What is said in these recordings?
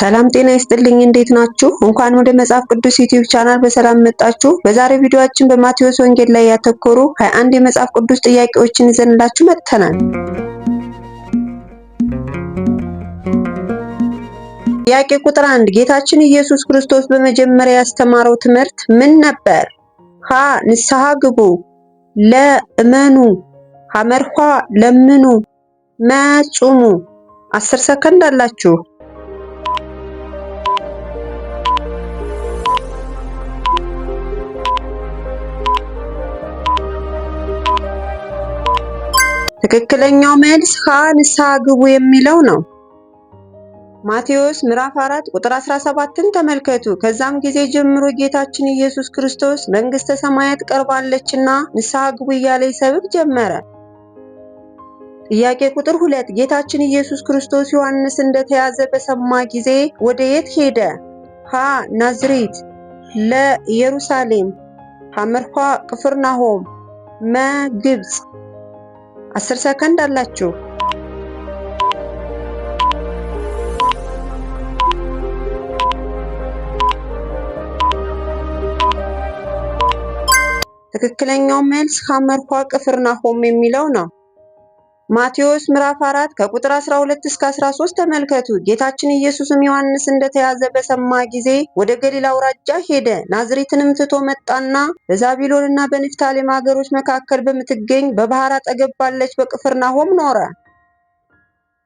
ሰላም ጤና ይስጥልኝ። እንዴት ናችሁ? እንኳን ወደ መጽሐፍ ቅዱስ ዩቲዩብ ቻናል በሰላም መጣችሁ። በዛሬው ቪዲዮአችን በማቴዎስ ወንጌል ላይ ያተኮሩ 21 የመጽሐፍ ቅዱስ ጥያቄዎችን ይዘንላችሁ መጥተናል። ጥያቄ ቁጥር አንድ ጌታችን ኢየሱስ ክርስቶስ በመጀመሪያ ያስተማረው ትምህርት ምን ነበር? ሀ ንስሐ ግቡ፣ ለ እመኑ፣ ለምኑ፣ መ ጹሙ። 10 ሰከንድ አላችሁ። ትክክለኛው መልስ ሀ ንስሐ ግቡ የሚለው ነው። ማቴዎስ ምዕራፍ 4 ቁጥር 17ን ተመልከቱ። ከዛም ጊዜ ጀምሮ ጌታችን ኢየሱስ ክርስቶስ መንግሥተ ሰማያት ቀርባለችና ንስሐ ግቡ እያለ ይሰብክ ጀመረ። ጥያቄ ቁጥር 2 ጌታችን ኢየሱስ ክርስቶስ ዮሐንስ እንደተያዘ በሰማ ጊዜ ወደ የት ሄደ? ሀ ናዝሬት፣ ለ ኢየሩሳሌም፣ ሐመርኳ ቅፍርናሆም፣ መ ግብፅ። አስር ሰከንድ አላችሁ። ትክክለኛው መልስ ቅፍርና ሆም የሚለው ነው። ማቴዎስ ምዕራፍ 4 ከቁጥር 12 እስከ 13 ተመልከቱ። ጌታችን ኢየሱስም ዮሐንስ እንደተያዘ በሰማ ጊዜ ወደ ገሊላ አውራጃ ሄደ፣ ናዝሬትንም ትቶ መጣና በዛቢሎንና በንፍታሌም አገሮች መካከል በምትገኝ በባህር አጠገብ ባለች በቅፍርናሆም ኖረ።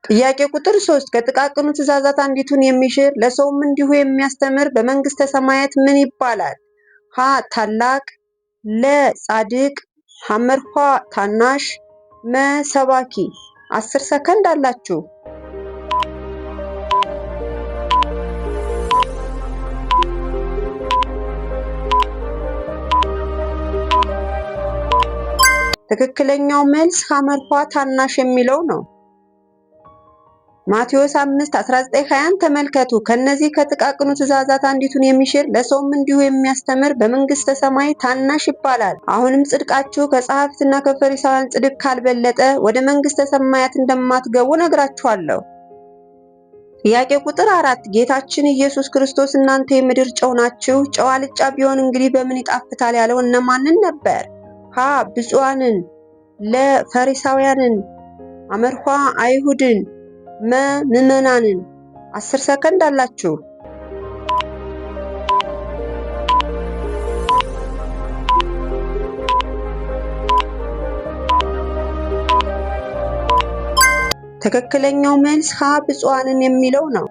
ጥያቄ ቁጥር 3 ከጥቃቅኑ ትእዛዛት አንዲቱን የሚሽር ለሰውም እንዲሁ የሚያስተምር በመንግስተ ሰማያት ምን ይባላል? ሀ ታላቅ፣ ለ ጻድቅ፣ ሐመርኳ ታናሽ መሰባኪ አስር ሰከንድ አላችሁ። ትክክለኛው መልስ ሐመርኳ ታናሽ የሚለው ነው። ማቴዎስ 5 20 ተመልከቱ። ከነዚህ ከጥቃቅኑ ትእዛዛት አንዲቱን የሚሽር ለሰውም እንዲሁ የሚያስተምር በመንግስተ ሰማይ ታናሽ ይባላል። አሁንም ጽድቃችሁ ከጸሐፍትና ከፈሪሳውያን ጽድቅ ካልበለጠ ወደ መንግስተ ሰማያት እንደማትገቡ ነግራችኋለሁ። ጥያቄ ቁጥር አራት ጌታችን ኢየሱስ ክርስቶስ እናንተ የምድር ጨው ናችሁ፣ ጨው አልጫ ቢሆን እንግዲህ በምን ይጣፍታል ያለው እነማንን ነበር? ሀ ብፁዓንን፣ ለፈሪሳውያንን፣ አመርኋ አይሁድን ምዕመናንን አስር ሰከንድ አላችሁ። ትክክለኛው መልስ ሀ ብፁዓንን የሚለው ነው።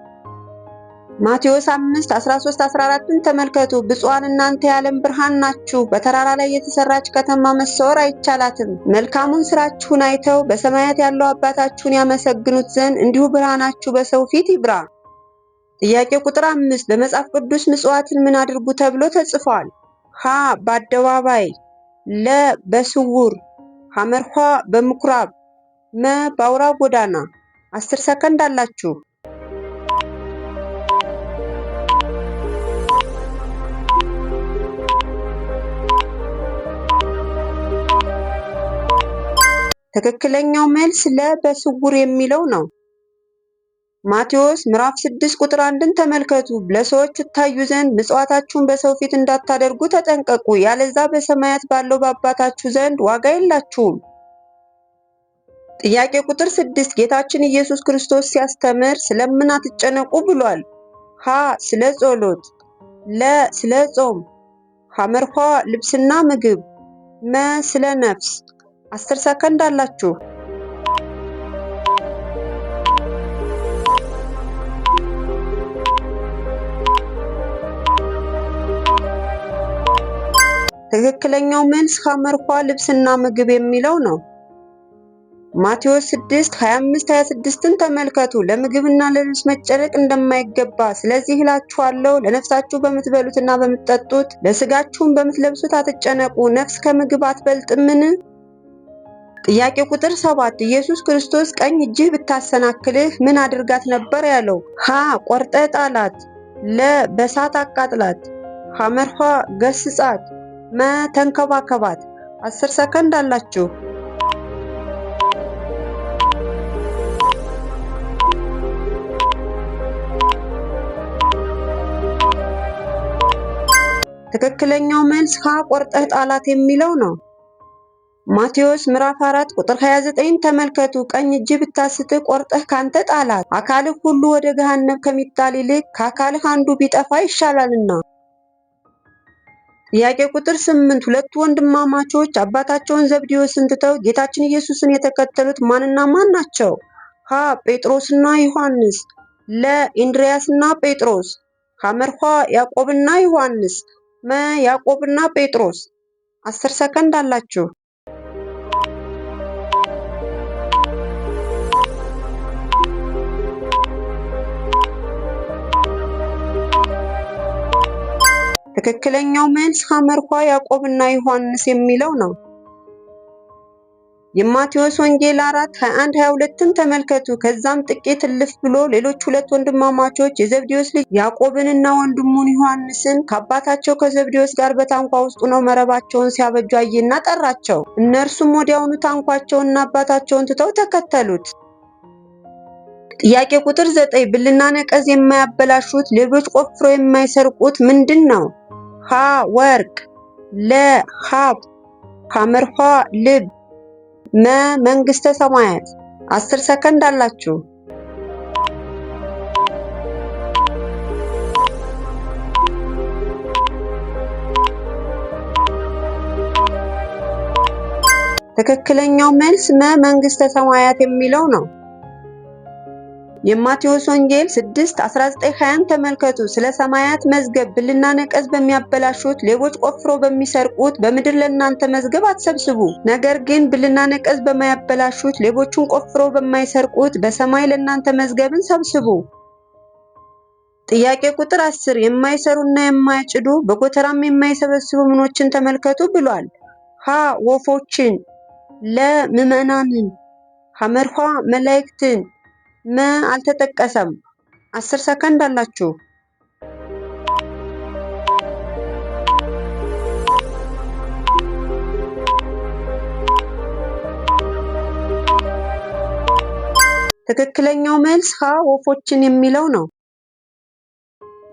ማቴዎስ 5 13 14ን ተመልከቱ። ብፁዓን እናንተ የዓለም ብርሃን ናችሁ። በተራራ ላይ የተሰራች ከተማ መሰወር አይቻላትም። መልካሙን ስራችሁን አይተው በሰማያት ያለው አባታችሁን ያመሰግኑት ዘንድ እንዲሁ ብርሃናችሁ በሰው ፊት ይብራ። ጥያቄ ቁጥር አምስት በመጽሐፍ ቅዱስ ምጽዋትን ምን አድርጉ ተብሎ ተጽፏል? ሀ በአደባባይ፣ ለ በስውር፣ ሐመርኋ በምኩራብ፣ መ በአውራ ጎዳና። አስር ሰከንድ አላችሁ። ትክክለኛው መልስ ለ በስውር የሚለው ነው። ማቴዎስ ምዕራፍ 6 ቁጥር 1ን ተመልከቱ። ለሰዎች ትታዩ ዘንድ ምጽዋታችሁን በሰው ፊት እንዳታደርጉ ተጠንቀቁ፣ ያለዛ በሰማያት ባለው በአባታችሁ ዘንድ ዋጋ የላችሁም። ጥያቄ ቁጥር 6 ጌታችን ኢየሱስ ክርስቶስ ሲያስተምር ስለምን አትጨነቁ ብሏል? ሀ ስለ ጸሎት፣ ለ ስለ ጾም፣ ሐመርኋ ልብስና ምግብ፣ መ ስለ ነፍስ አስር ሰከንድ አላችሁ። ትክክለኛው መልስ ሐመርኳ ልብስና ምግብ የሚለው ነው። ማቴዎስ 6 25 26ን ተመልከቱ። ለምግብና ለልብስ መጨነቅ እንደማይገባ ስለዚህ እላችኋለሁ ለነፍሳችሁ በምትበሉትና በምትጠጡት ለስጋችሁም በምትለብሱት አትጨነቁ። ነፍስ ከምግብ አትበልጥምን? ጥያቄ ቁጥር ሰባት ኢየሱስ ክርስቶስ ቀኝ እጅህ ብታሰናክልህ ምን አድርጋት ነበር ያለው? ሀ ቆርጠ ጣላት፣ ለ በሳት አቃጥላት፣ ሐመርኋ ገስጻት፣ መ ተንከባከባት። አስር ሰከንድ አላችሁ። ትክክለኛው መልስ ሀ ቆርጠህ ጣላት የሚለው ነው። ማቴዎስ ምዕራፍ 4 ቁጥር 29 ተመልከቱ። ቀኝ እጅ ብታስትህ ቆርጠህ ካንተ ጣላት፣ አካልህ ሁሉ ወደ ገሃነም ከሚጣል ይልቅ ከአካልህ አንዱ ቢጠፋ ይሻላልና። ጥያቄ ቁጥር 8 ሁለቱ ወንድማማቾች አባታቸውን ዘብዴዎስን ትተው ጌታችን ኢየሱስን የተከተሉት ማንና ማን ናቸው? ሀ. ጴጥሮስና ዮሐንስ ለ. ኢንድሪያስና ጴጥሮስ ሐመርኋ ያዕቆብና ዮሐንስ መ. ያዕቆብና ጴጥሮስ 10 ሰከንድ አላችሁ። ትክክለኛው መልስ ሐመርኳ ያዕቆብና ዮሐንስ የሚለው ነው። የማቴዎስ ወንጌል 4 21 22ን ተመልከቱ። ከዛም ጥቂት እልፍ ብሎ ሌሎች ሁለት ወንድማማቾች የዘብዴዎስ ልጅ ያዕቆብንና ወንድሙን ዮሐንስን ከአባታቸው ከዘብዴዎስ ጋር በታንኳ ውስጥ ሆነው መረባቸውን ሲያበጁ አየና ጠራቸው። እነርሱም ወዲያውኑ ታንኳቸውንና አባታቸውን ትተው ተከተሉት። ጥያቄ ቁጥር 9 ብልና ነቀዝ የማያበላሹት ሌቦች ቆፍሮ የማይሰርቁት ምንድን ነው? ሀ ወርቅ ለ ሀብ ሐመርኋ ልብ መ መንግስተ ሰማያት። አስር ሰከንድ አላችሁ። ትክክለኛው መልስ መ መንግስተ ሰማያት የሚለው ነው። የማቴዎስ ወንጌል 6 1920 ተመልከቱ። ስለ ሰማያት መዝገብ ብልና ነቀዝ በሚያበላሹት ሌቦች ቆፍሮ በሚሰርቁት በምድር ለእናንተ መዝገብ አትሰብስቡ። ነገር ግን ብልና ነቀዝ በማያበላሹት ሌቦቹን ቆፍሮ በማይሰርቁት በሰማይ ለእናንተ መዝገብን ሰብስቡ። ጥያቄ ቁጥር 10 የማይሰሩና የማይጭዱ በጎተራም የማይሰበስቡ ምኖችን ተመልከቱ ብሏል። ሀ ወፎችን፣ ለ ምዕመናንን፣ ሐመርኋ መላእክትን መ አልተጠቀሰም። አስር ሰከንድ አላችሁ። ትክክለኛው መልስ ሀ ወፎችን የሚለው ነው።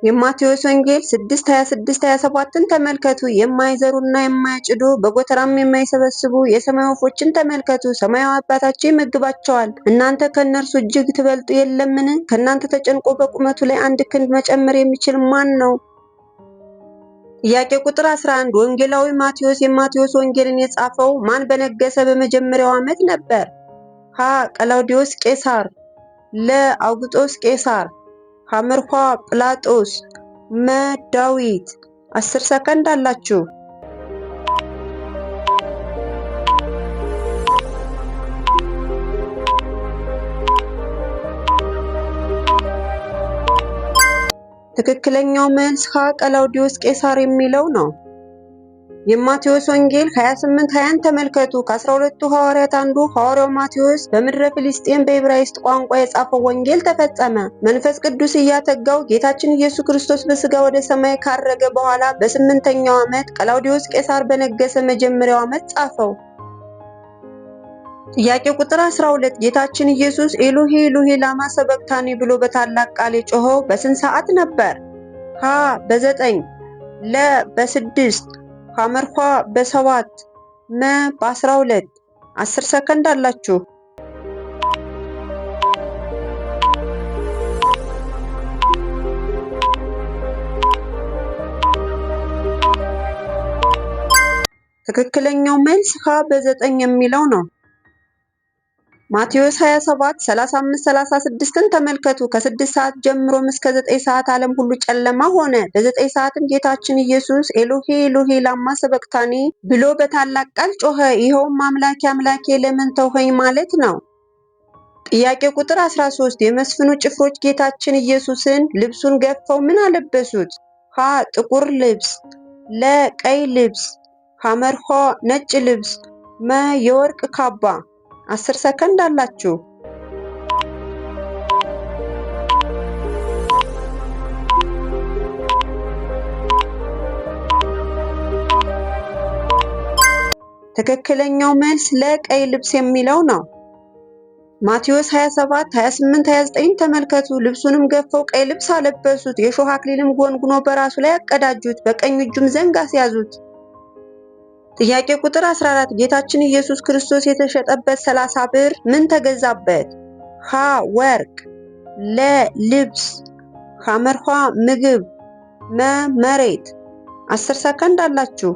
የማቴዎስ ወንጌል 6:26-27ን ተመልከቱ። የማይዘሩና የማያጭዱ በጎተራም የማይሰበስቡ የሰማይ ወፎችን ተመልከቱ፣ ሰማያዊ አባታቸው ይመግባቸዋል። እናንተ ከእነርሱ እጅግ ትበልጡ የለምን? ከእናንተ ተጨንቆ በቁመቱ ላይ አንድ ክንድ መጨመር የሚችል ማን ነው? ጥያቄ ቁጥር 11 ወንጌላዊ ማቴዎስ የማቴዎስ ወንጌልን የጻፈው ማን በነገሰ በመጀመሪያው ዓመት ነበር? ሀ ቀላውዲዮስ ቄሳር፣ ለ አውግጦስ ቄሳር ሐመርኋ ጵላጦስ መዳዊት 10 ሰከንድ አላችሁ። ትክክለኛው መልስ ሀ ቀላውዲዮስ ቄሳር የሚለው ነው። የማቴዎስ ወንጌል 28:20ን ተመልከቱ። ከ12ቱ ሐዋርያት አንዱ ሐዋርያው ማቴዎስ በምድረ ፊልስጤም በዕብራይስጥ ቋንቋ የጻፈው ወንጌል ተፈጸመ። መንፈስ ቅዱስ እያተጋው ጌታችን ኢየሱስ ክርስቶስ በሥጋ ወደ ሰማይ ካረገ በኋላ በስምንተኛው ዓመት ቀላውዲዮስ ቄሳር በነገሰ መጀመሪያው ዓመት ጻፈው። ጥያቄ ቁጥር 12 ጌታችን ኢየሱስ ኤሎሄ ኤሎሄ ላማ ሰበቅታኒ ብሎ በታላቅ ቃል የጮኸው በስንት ሰዓት ነበር? ሀ በዘጠኝ ለ በስድስት ሐመርኳ በሰባት መ በ12 10 ሰከንድ አላችሁ። ትክክለኛው መልስ ሀ በዘጠኝ የሚለው ነው። ማቴዎስ 27 35 36ን ተመልከቱ። ከ6 ሰዓት ጀምሮም እስከ 9 ሰዓት ዓለም ሁሉ ጨለማ ሆነ። በ9 ሰዓትም ጌታችን ኢየሱስ ኤሎሄ ኤሎሄ ላማ ሰበቅታኒ ብሎ በታላቅ ቃል ጮኸ። ይኸውም አምላኬ አምላኬ ለምን ተውኸኝ ማለት ነው። ጥያቄ ቁጥር 13 የመስፍኑ ጭፍሮች ጌታችን ኢየሱስን ልብሱን ገፈው ምን አለበሱት? ሀ ጥቁር ልብስ፣ ለ ቀይ ልብስ፣ ሐመርሖ ነጭ ልብስ፣ መ የወርቅ ካባ አስር ሰከንድ አላችሁ። ትክክለኛው መልስ ለቀይ ልብስ የሚለው ነው። ማቴዎስ 27 28 29 ተመልከቱ። ልብሱንም ገፈው ቀይ ልብስ አለበሱት፣ የሾህ አክሊልም ጎንጉኖ በራሱ ላይ አቀዳጁት፣ በቀኝ እጁም ዘንግ አስያዙት። ጥያቄ ቁጥር 14 ጌታችን ኢየሱስ ክርስቶስ የተሸጠበት 30 ብር ምን ተገዛበት? ሀ ወርቅ፣ ለ ልብስ፣ ሐመርኋ ምግብ፣ መ መሬት። 10 ሰከንድ አላችሁ።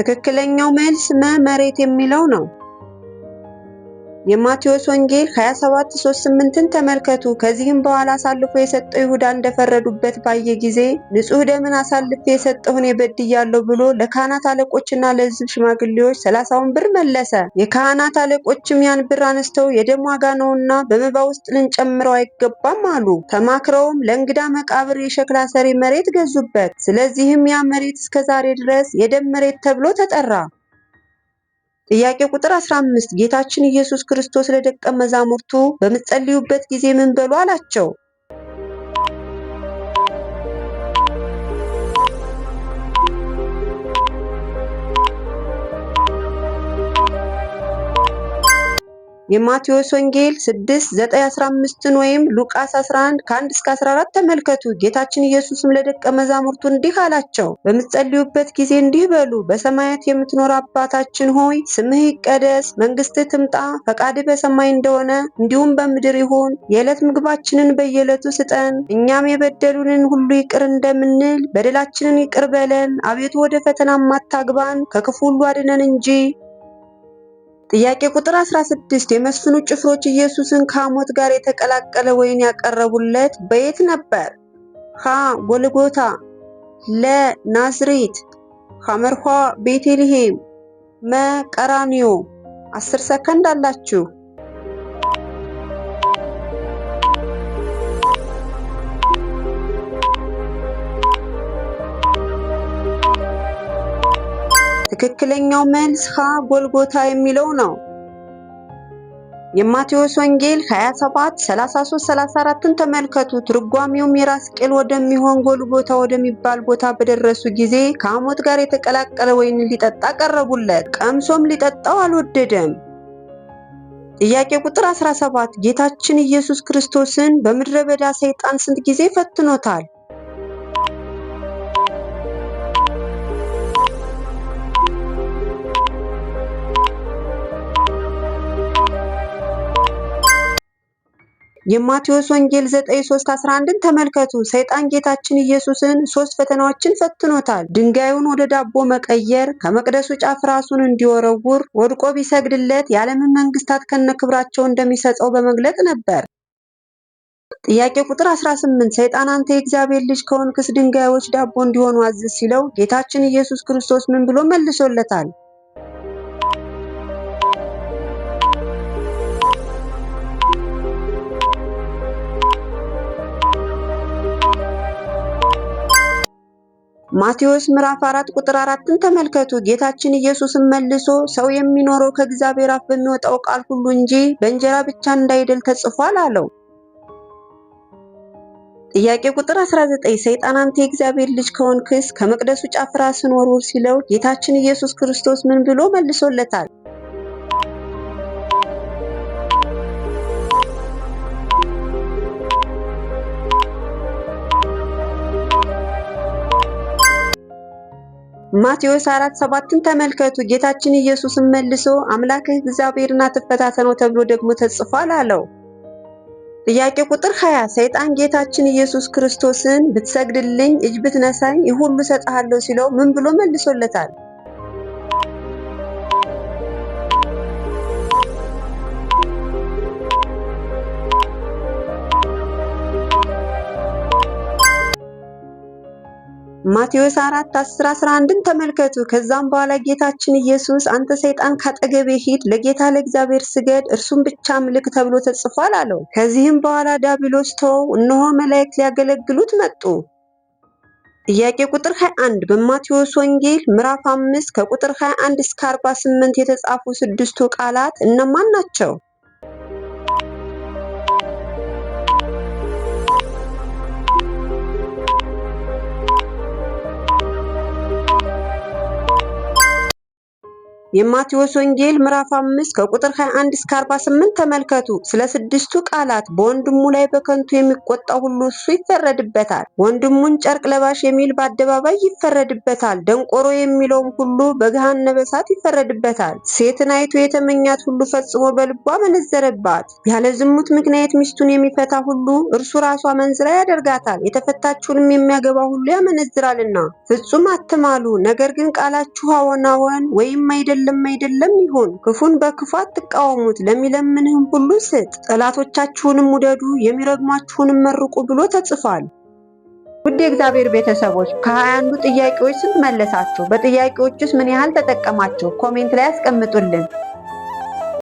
ትክክለኛው መልስ መ መሬት የሚለው ነው። የማቴዎስ ወንጌል 27:38ን ተመልከቱ። ከዚህም በኋላ አሳልፎ የሰጠው ይሁዳ እንደፈረዱበት ባየ ጊዜ ንጹሕ ደምን አሳልፌ የሰጠሁ እኔ በድያለሁ ብሎ ለካህናት አለቆችና ለሕዝብ ሽማግሌዎች ሰላሳውን ብር መለሰ። የካህናት አለቆችም ያን ብር አነስተው የደም ዋጋ ነውና በመባ ውስጥ ልንጨምረው አይገባም አሉ። ተማክረውም ለእንግዳ መቃብር የሸክላ ሰሪ መሬት ገዙበት። ስለዚህም ያ መሬት እስከ ዛሬ ድረስ የደም መሬት ተብሎ ተጠራ። ጥያቄ ቁጥር 15 ጌታችን ኢየሱስ ክርስቶስ ለደቀ መዛሙርቱ በምትጸልዩበት ጊዜ ምን በሉ አላቸው? የማቴዎስ ወንጌል 6:9-15 ወይም ሉቃስ 11:1-14 ተመልከቱ። ጌታችን ኢየሱስም ለደቀ መዛሙርቱ እንዲህ አላቸው፣ በምትጸልዩበት ጊዜ እንዲህ በሉ፣ በሰማያት የምትኖር አባታችን ሆይ ስምህ ይቀደስ፣ መንግስትህ ትምጣ፣ ፈቃድህ በሰማይ እንደሆነ እንዲሁም በምድር ይሁን። የዕለት ምግባችንን በየዕለቱ ስጠን፣ እኛም የበደሉንን ሁሉ ይቅር እንደምንል በደላችንን ይቅር በለን፣ አቤቱ ወደ ፈተና አታግባን፣ ከክፉ ሁሉ አድነን እንጂ ጥያቄ ቁጥር 16 የመስፍኑ ጭፍሮች ኢየሱስን ከሐሞት ጋር የተቀላቀለ ወይን ያቀረቡለት በየት ነበር? ሀ ጎልጎታ፣ ለ ናዝሬት፣ ሐመርኋ ቤተልሔም፣ መ ቀራኒዮ። 10 ሰከንድ አላችሁ። ትክክለኛው መልስ ሀ ጎልጎታ የሚለው ነው። የማቴዎስ ወንጌል 27 33 34ን ተመልከቱ። ትርጓሚው የራስ ቅል ወደሚሆን ጎልጎታ ወደሚባል ቦታ በደረሱ ጊዜ ከሐሞት ጋር የተቀላቀለ ወይን ሊጠጣ ቀረቡለት። ቀምሶም ሊጠጣው አልወደደም። ጥያቄ ቁጥር 17 ጌታችን ኢየሱስ ክርስቶስን በምድረ በዳ ሰይጣን ስንት ጊዜ ፈትኖታል? የማቴዎስ ወንጌል 9:3-11ን ተመልከቱ። ሰይጣን ጌታችን ኢየሱስን ሶስት ፈተናዎችን ፈትኖታል። ድንጋዩን ወደ ዳቦ መቀየር፣ ከመቅደሱ ጫፍ ራሱን እንዲወረውር፣ ወድቆ ቢሰግድለት የዓለምን መንግስታት ከነ ክብራቸው እንደሚሰጠው በመግለጥ ነበር። ጥያቄ ቁጥር 18 ሰይጣን አንተ የእግዚአብሔር ልጅ ከሆንክስ ድንጋዮች ዳቦ እንዲሆኑ አዝዝ ሲለው ጌታችን ኢየሱስ ክርስቶስ ምን ብሎ መልሶለታል? ማቴዎስ ምዕራፍ 4 ቁጥር 4ን ተመልከቱ። ጌታችን ኢየሱስም መልሶ ሰው የሚኖረው ከእግዚአብሔር አፍ በሚወጣው ቃል ሁሉ እንጂ በእንጀራ ብቻ እንዳይደል ተጽፏል አለው። ጥያቄ ቁጥር 19 ሰይጣን አንተ የእግዚአብሔር ልጅ ከሆንክስ ከመቅደሱ ጫፍ ራስህን ወርውር ሲለው ጌታችን ኢየሱስ ክርስቶስ ምን ብሎ መልሶለታል? ማቴዎስ አራት ሰባትን ተመልከቱ። ጌታችን ኢየሱስም መልሶ አምላክህ እግዚአብሔርን አትፈታተነው ተብሎ ደግሞ ተጽፏል አለው። ጥያቄ ቁጥር 20 ሰይጣን ጌታችን ኢየሱስ ክርስቶስን ብትሰግድልኝ፣ እጅ ብትነሳኝ ይህ ሁሉ እሰጥሃለሁ ሲለው ምን ብሎ መልሶለታል? ማቴዎስ 4 10 11ን ተመልከቱ። ከዛም በኋላ ጌታችን ኢየሱስ አንተ ሰይጣን ካጠገቤ ሂድ፣ ለጌታ ለእግዚአብሔር ስገድ፣ እርሱም ብቻ ምልክ ተብሎ ተጽፏል አለው። ከዚህም በኋላ ዲያብሎስ ተወው፣ እነሆ መላእክት ሊያገለግሉት መጡ። ጥያቄ ቁጥር 21 በማቴዎስ ወንጌል ምዕራፍ 5 ከቁጥር 21 እስከ 48 የተጻፉ ስድስቱ ቃላት እነማን ናቸው? የማቴዎስ ወንጌል ምዕራፍ 5 ከቁጥር 21 እስከ 48 ተመልከቱ። ስለ ስድስቱ ቃላት በወንድሙ ላይ በከንቱ የሚቆጣ ሁሉ እሱ ይፈረድበታል፣ ወንድሙን ጨርቅ ለባሽ የሚል በአደባባይ ይፈረድበታል፣ ደንቆሮ የሚለውም ሁሉ በገሃነመ እሳት ይፈረድበታል። ሴትን አይቶ የተመኛት ሁሉ ፈጽሞ በልቧ መነዘረባት። ያለ ዝሙት ምክንያት ሚስቱን የሚፈታ ሁሉ እርሱ ራሷ መንዝራ ያደርጋታል፣ የተፈታችውንም የሚያገባ ሁሉ ያመነዝራልና። ፍጹም አትማሉ፣ ነገር ግን ቃላችሁ አዎን አዎን ወይም አይደለም አይደለም አይደለም ይሆን? ክፉን በክፉ አትቃወሙት፣ ለሚለምንህም ሁሉ ስጥ፣ ጠላቶቻችሁንም ውደዱ፣ የሚረግሟችሁንም መርቁ ብሎ ተጽፏል። ውድ የእግዚአብሔር ቤተሰቦች ከሀያ አንዱ ጥያቄዎች ስንት መለሳችሁ? በጥያቄዎቹስ ምን ያህል ተጠቀማችሁ? ኮሜንት ላይ አስቀምጡልን።